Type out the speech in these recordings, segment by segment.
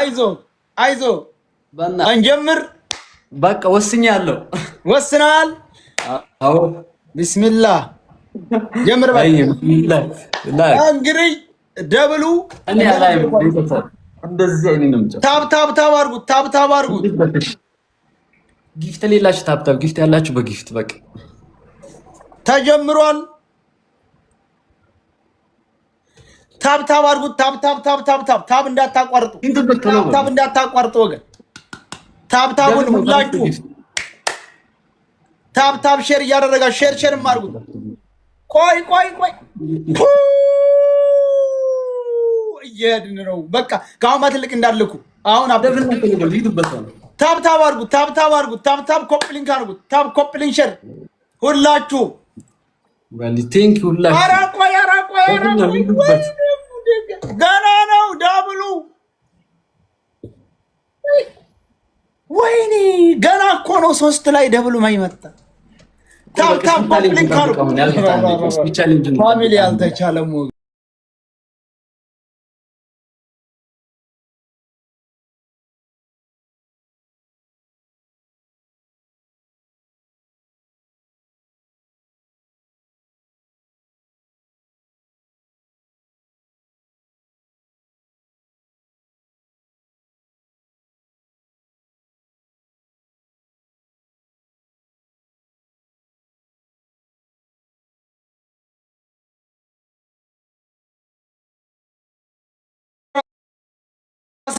አይዞ አይዞ እንጀምር። በቃ ወስኛለሁ። ወስናል። አዎ ቢስሚላህ ጀምር። በቃ እንግዲህ ደብሉ ታብታብ ታብ አድርጉት። ታብታብ አድርጉት። ጊፍት ሌላችሁ ታብታብ ጊፍት ያላችሁ በጊፍት በቃ ተጀምሯል። ታብ ታብ አድርጉት። ታብ ታብ ታብ ታብ ታብ ታብ እንዳታቋርጡ፣ ታብ እንዳታቋርጡ ወገን። ታብ ታቡን ሁላችሁ ታብ ታብ ሼር እያደረጋችሁ ሼር ሼር አድርጉት። ቆይ ቆይ ቆይ እየሄድን ነው። በቃ ከአሁን ማትልቅ እንዳልኩ አሁን ታብ ታብ አድርጉት። ታብ ታብ አድርጉት። ታብ ታብ ኮፕሊንግ አድርጉት። ታብ ኮፕሊንግ ሼር ሁላችሁ ቴንክ ገና ነው ዳብሉ። ወይኔ ገና እኮ ነው ሶስት ላይ ደብሉ ማይመጣ ታብታብ ፋሚሊ አልተቻለም።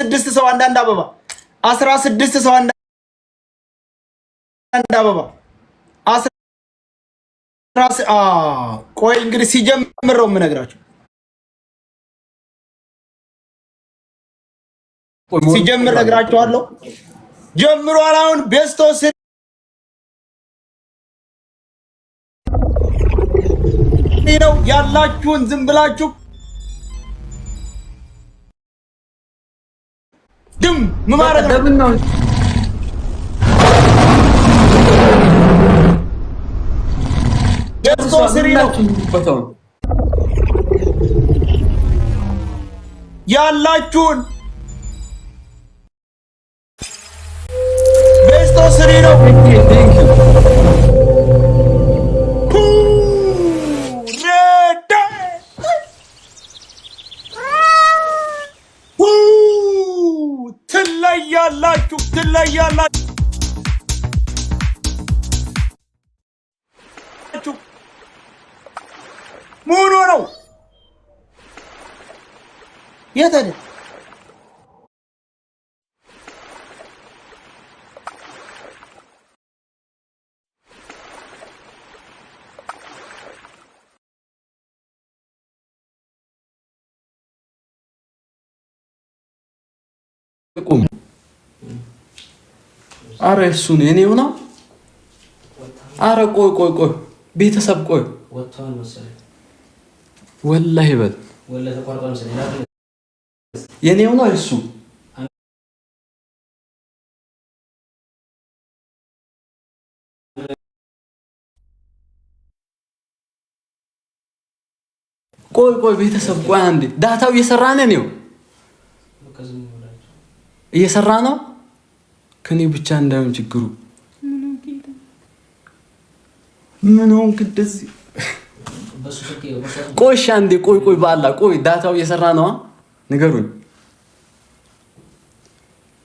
16 ሰው አንዳንድ አበባ 16 ሰው አንዳንድ አበባ ቆይ እንግዲህ ሲጀምረው የምነግራቸው ሲጀምር ነግራቸዋለሁ። ጀምሯል። አሁን ቤስቶ ነው ያላችሁን ዝም ብላችሁ ድም ምን ነው? ደርሶ ስሪ ነው ያላችሁን ቤስቶ ስሪ ነው። መሆኖ ነው። የት አይደል? አረ እሱን እኔ ሆና አረ ቆይ ቆይ ቆይ ቤተሰብ ቆይ ወላሂ በል የኔው ነው እሱ ቆይ ቆይ ቤተሰብ ቆይ አንዴ ዳታው እየሰራ ነው ነው እየሰራ ነው ከኔ ብቻ እንዳይሆን ችግሩ ምን ሆንክ እንደዚህ ቆይ አንዴ ቆይ ቆይ፣ በአላ ቆይ፣ ዳታው እየሰራ ነዋ። ንገሩኝ።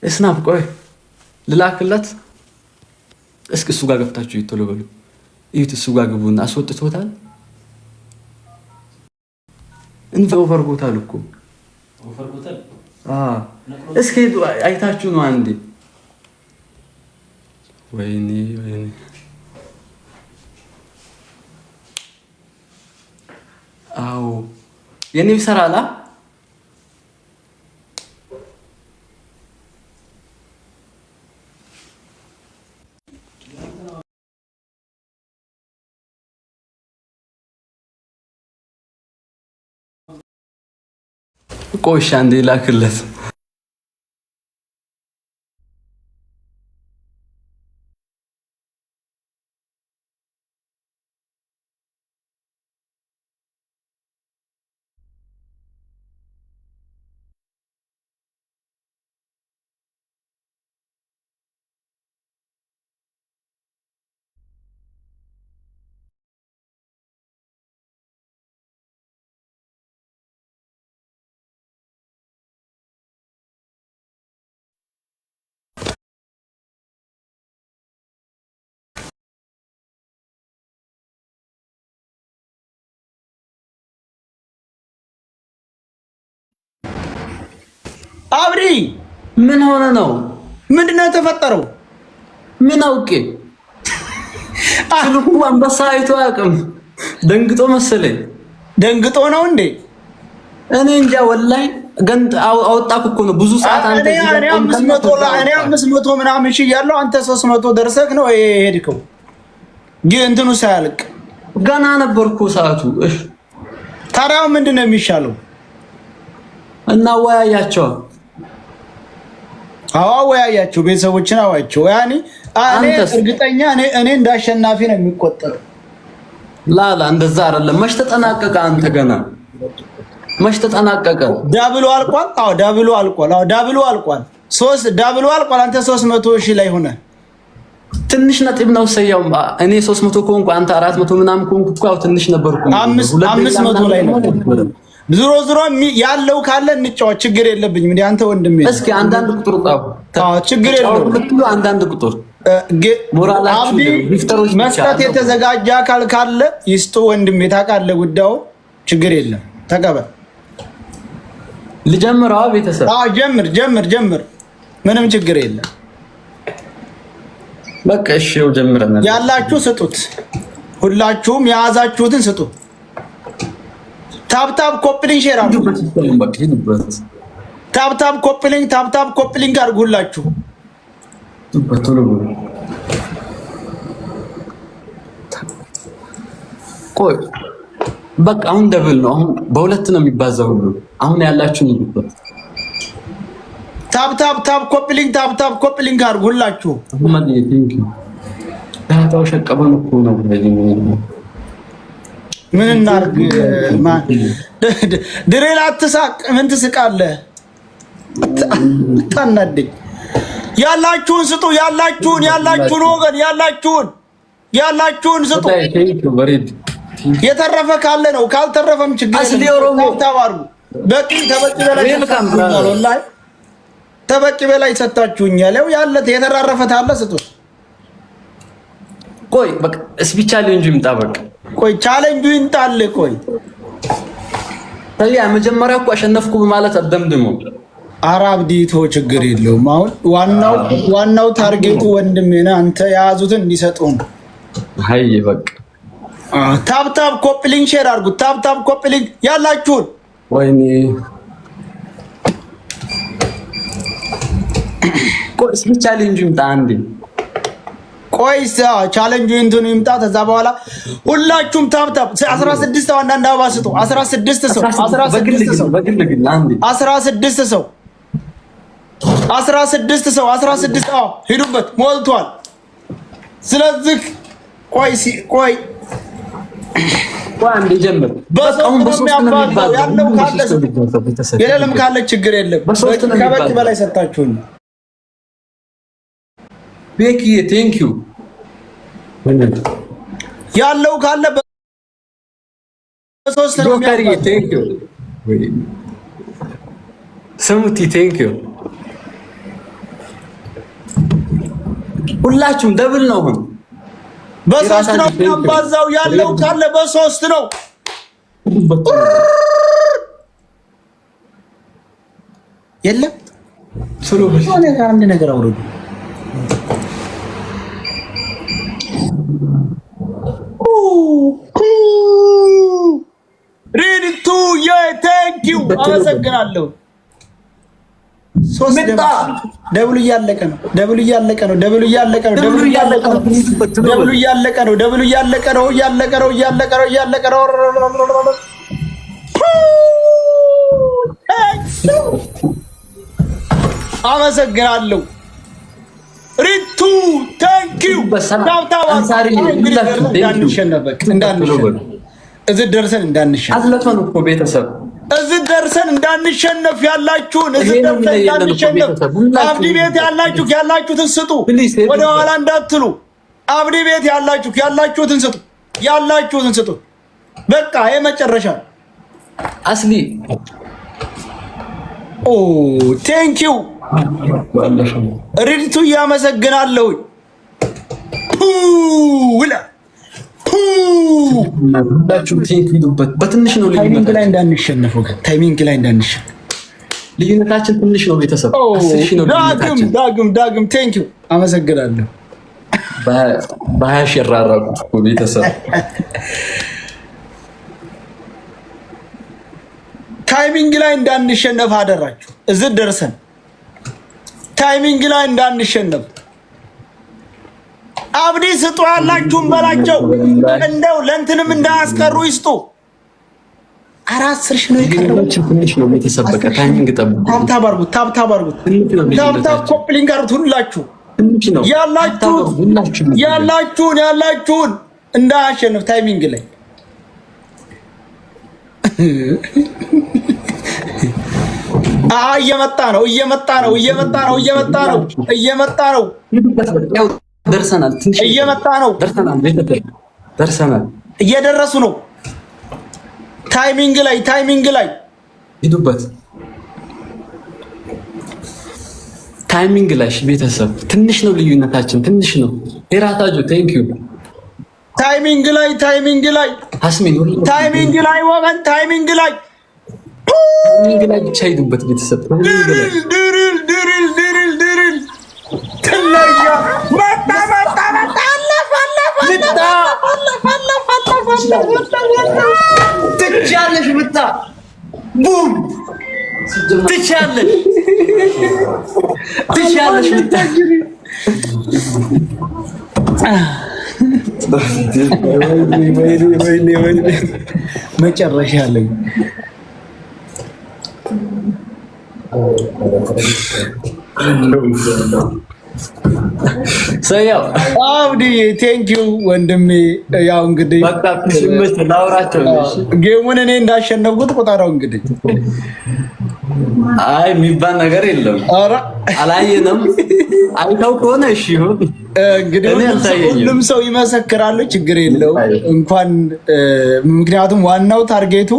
እስናፕ ቆይ ልላክለት። እስኪ እሱ ጋር ገብታችሁ ይቶሎ በሉ እዩት። እሱ ጋር ግቡና አስወጥቶታል። እንፈ ኦፈርጎታል እኮ እስኪ አይታችሁ ነው አንዴ። ወይኔ ወይኔ አዎ የኔ ይሰራላ። ቆይ አንዴ ላክለት። አብሪ ምን ሆነ ነው? ምንድነው የተፈጠረው? ምን አውቄ ስልኩ አንበሳ አይቶ አያውቅም። ደንግጦ መሰለኝ ደንግጦ ነው እንዴ? እኔ እንጃ ወላይ ግን አወጣኩ እኮ ነው ብዙ ሰዓት አንተ እኔ አምስት መቶ ምናምን እሺ እያለሁ አንተ ሶስት መቶ ደርሰህ ነው ሄድከው። ግን እንትኑ ሳያልቅ ገና ነበርኩ ሰዓቱ። ታዲያ ምንድን ነው የሚሻለው? እናወያያቸዋል አወያያቸው ቤተሰቦችን አዋቸው። ያኔ እርግጠኛ እኔ እንደ አሸናፊ ነው የሚቆጠረው። ላላ እንደዛ አይደለም። መች ተጠናቀቀ? አንተ ገና መች ተጠናቀቀ? ዳብሎ አልቋል። አዎ ዳብሉ አልቋል። አዎ ዳብሉ አልቋል። ሶስት ዳብሉ አልቋል። አንተ 300 ሺህ ላይ ሆነ ትንሽ ነጥብ ነው ሰየው። እኔ 300 ከሆንኩ አንተ 400 ምናምን ከሆንኩ እኮ ያው ትንሽ ነበርኩ። 500 ላይ ነው ዝሮ ዝሮ ያለው ካለ እንጫወት፣ ችግር የለብኝም። እንደ አንተ ወንድሜ እስኪ አንዳንድ ቁጥር ችግር የለውም የምትሉ አንዳንድ ቁጥር መስጠት የተዘጋጀ አካል ካለ ይስጡ ወንድሜ፣ ታውቃለህ ጉዳዩ ችግር የለም ተቀበል። ልጀምር? አዎ ቤተሰብ ጀምር፣ ጀምር፣ ጀምር። ምንም ችግር የለም። በቃ እሺው ጀምረናል። ያላችሁ ስጡት፣ ሁላችሁም የያዛችሁትን ስጡት። ታብታብ ኮፕሊንግ ሼር ታብታብ ኮፕሊንግ ታብታብ ኮፕሊንግ አድርጉላችሁ። ቆይ በቃ አሁን ደብል ነው። አሁን በሁለት ነው የሚባዛው ሁሉ አሁን ያላችሁ ይሉበት። ታብታብ ታብ ኮፕሊንግ ታብታብ ኮፕሊንግ አድርጉላችሁ። አሁን ማለት ነው ታታው ሸቀበን እኮ ነው ምን እናርግ? ድሬላ አትሳቅ። ምን ትስቃለህ? ታናደኝ። ያላችሁን ስጡ። ያላችሁን ያላችሁን ወገን ያላችሁን ያላችሁን ስጡ። የተረፈ ካለ ነው፣ ካልተረፈም ችግር ታባሩ። በቂ ተበቂ በላይ ተበቂ በላይ ሰጣችሁኛል። ያው ያለ የተራረፈ ታለ ስጡት። ቆይ በቃ እስኪ ቻሌንጁ ይምጣ። በቃ ቆይ ቻሌንጁ ይምጣል። ቆይ ታዲያ መጀመሪያ እኮ አሸነፍኩ በማለት አደምድሞ አራብ ዲቶ ችግር የለውም። አሁን ዋናው ዋናው ታርጌቱ ወንድሜ ነህ አንተ የያዙትን እንዲሰጡን ነው። አይ በቃ ታብታብ ኮፕሊንግ ሼር አድርጉ። ታብታብ ኮፕሊንግ ያላችሁን ወይኔ ቆይ እስኪ ቻሌንጁ ይምጣ አንዴ ቆይ ቻለንጁ እንትኑ ይምጣ። ከዛ በኋላ ሁላችሁም ታብታብ 16 ሰው አንዳንድ አበባ ስጡ። 16 ሰው 16 ሰው 16 ሰው 16 ሰው ሂዱበት ሞልቷል። ስለዚህ ቆይ ቆይ ያለው ካለ የሌለም ካለ ችግር የለም። ከበቂ በላይ ሰጣችሁኝ። ቤኪ ቴንክ ዩ ያለው ካለ ስሙቲ ቴንክ ዩ ሁላችሁም ደብል ነው። አሁን በሶስት ነው የሚያባዛው። ያለው ካለ በሶስት ነው። የለም አንድ ነገር አውረዱ አመሰግናለሁ። ደብሉ እያለቀ ነው። ደብሉ እያለቀ ነው። ደብሉ እያለቀ ነው። ደብሉ እያለቀ ነው። ደብሉ እያለቀ ነው። ደብሉ እያለቀ ነው። እያለቀ ነው። እያለቀ ነው። እያለቀ ነው። አመሰግናለሁ። ሪቱ ታንኪዩ። እዚህ ደርሰን እኮ ቤተሰብ እዚህ ደርሰን እንዳንሸነፍ ያላችሁን እዚህ ደርሰን እንዳንሸነፍ አብዲ ቤት ያላችሁ ያላችሁትን ስጡ፣ ወደኋላ እንዳትሉ። አብዲ ቤት ያላችሁ ያላችሁትን ስጡ፣ ያላችሁትን ስጡ። በቃ የመጨረሻ አስሊ ኦ ዩ ሪድቱ እያመሰግናለሁ። ሁላችሁም ቴክ ሂዱበት። በትንሽ ነው ታይሚንግ ላይ እንዳንሸነፉ ታይሚንግ ላይ እንዳንሸነፍ ልዩነታችን ትንሽ ነው። ቤተሰብ ዳግም ዳግም ዳግም ቴንክ ዩ አመሰግናለሁ። በሀያሽ ሺህ ቤተሰብ ታይሚንግ ላይ እንዳንሸነፍ አደራችሁ። እዚህ ደርሰን ታይሚንግ ላይ እንዳንሸነፍ አብዲ ስጡ ያላችሁን በላቸው። እንደው ለእንትንም እንዳያስቀሩ ይስጡ። አራት ስር ሺህ ነው የቀረው። ታብታብ አድርጉት፣ ታብታብ ታብታብ ኮፕሊንግ ሁላችሁ ያላችሁን ያላችሁን ያላችሁን እንዳያሸንፍ ታይሚንግ ላይ እየመጣ ነው እየመጣ ነው እየመጣ ነው እየመጣ ነው እየመጣ ነው ደርሰናል። ትንሽ እየመጣ ነው። ደርሰናል፣ ደርሰናል፣ እየደረሱ ነው። ታይሚንግ ላይ ታይሚንግ ላይ ሂዱበት። ታይሚንግ ላይ ቤተሰብ ትንሽ ነው ልዩነታችን፣ ትንሽ ነው። የራታጁ ቴንክ ዩ ታይሚንግ ላይ ታይሚንግ ላይ አስሚን ታይሚንግ ላይ ወገን ታይሚንግ ላይ ታይሚንግ ላይ ብቻ ሂዱበት ቤተሰብ ድሪል ድሪል ድሪል ድሪል ትችያለሽ ምታ ቡም ትችያለሽ ትችያለሽ ምታ መጨረሻ አለኝ። ሰያው አብዲ ቴንክ ዩ ወንድሜ። ያው እንግዲህ ላውራቸው ጌሙን እኔ እንዳሸነፍኩት ቁጠረው እንግዲህ። አይ የሚባል ነገር የለም። አላየንም። አይተው ከሆነ እሺ ይሁን እንግዲህ። ሁሉም ሰው ይመሰክራሉ፣ ችግር የለው እንኳን ምክንያቱም ዋናው ታርጌቱ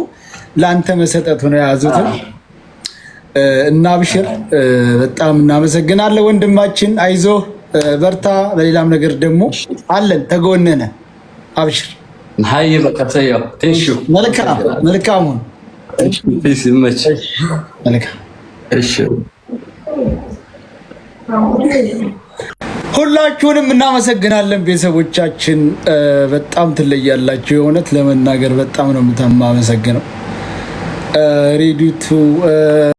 ለአንተ መሰጠቱ ነው የያዙትን እና አብሽር፣ በጣም እናመሰግናለን ወንድማችን። አይዞ በርታ። በሌላም ነገር ደግሞ አለን ተጎነነ። አብሽር ሀይ መልካም መልካም ሁላችሁንም እናመሰግናለን ቤተሰቦቻችን፣ በጣም ትለያላችሁ። የእውነት ለመናገር በጣም ነው የምታማመሰግነው ሬዲቱ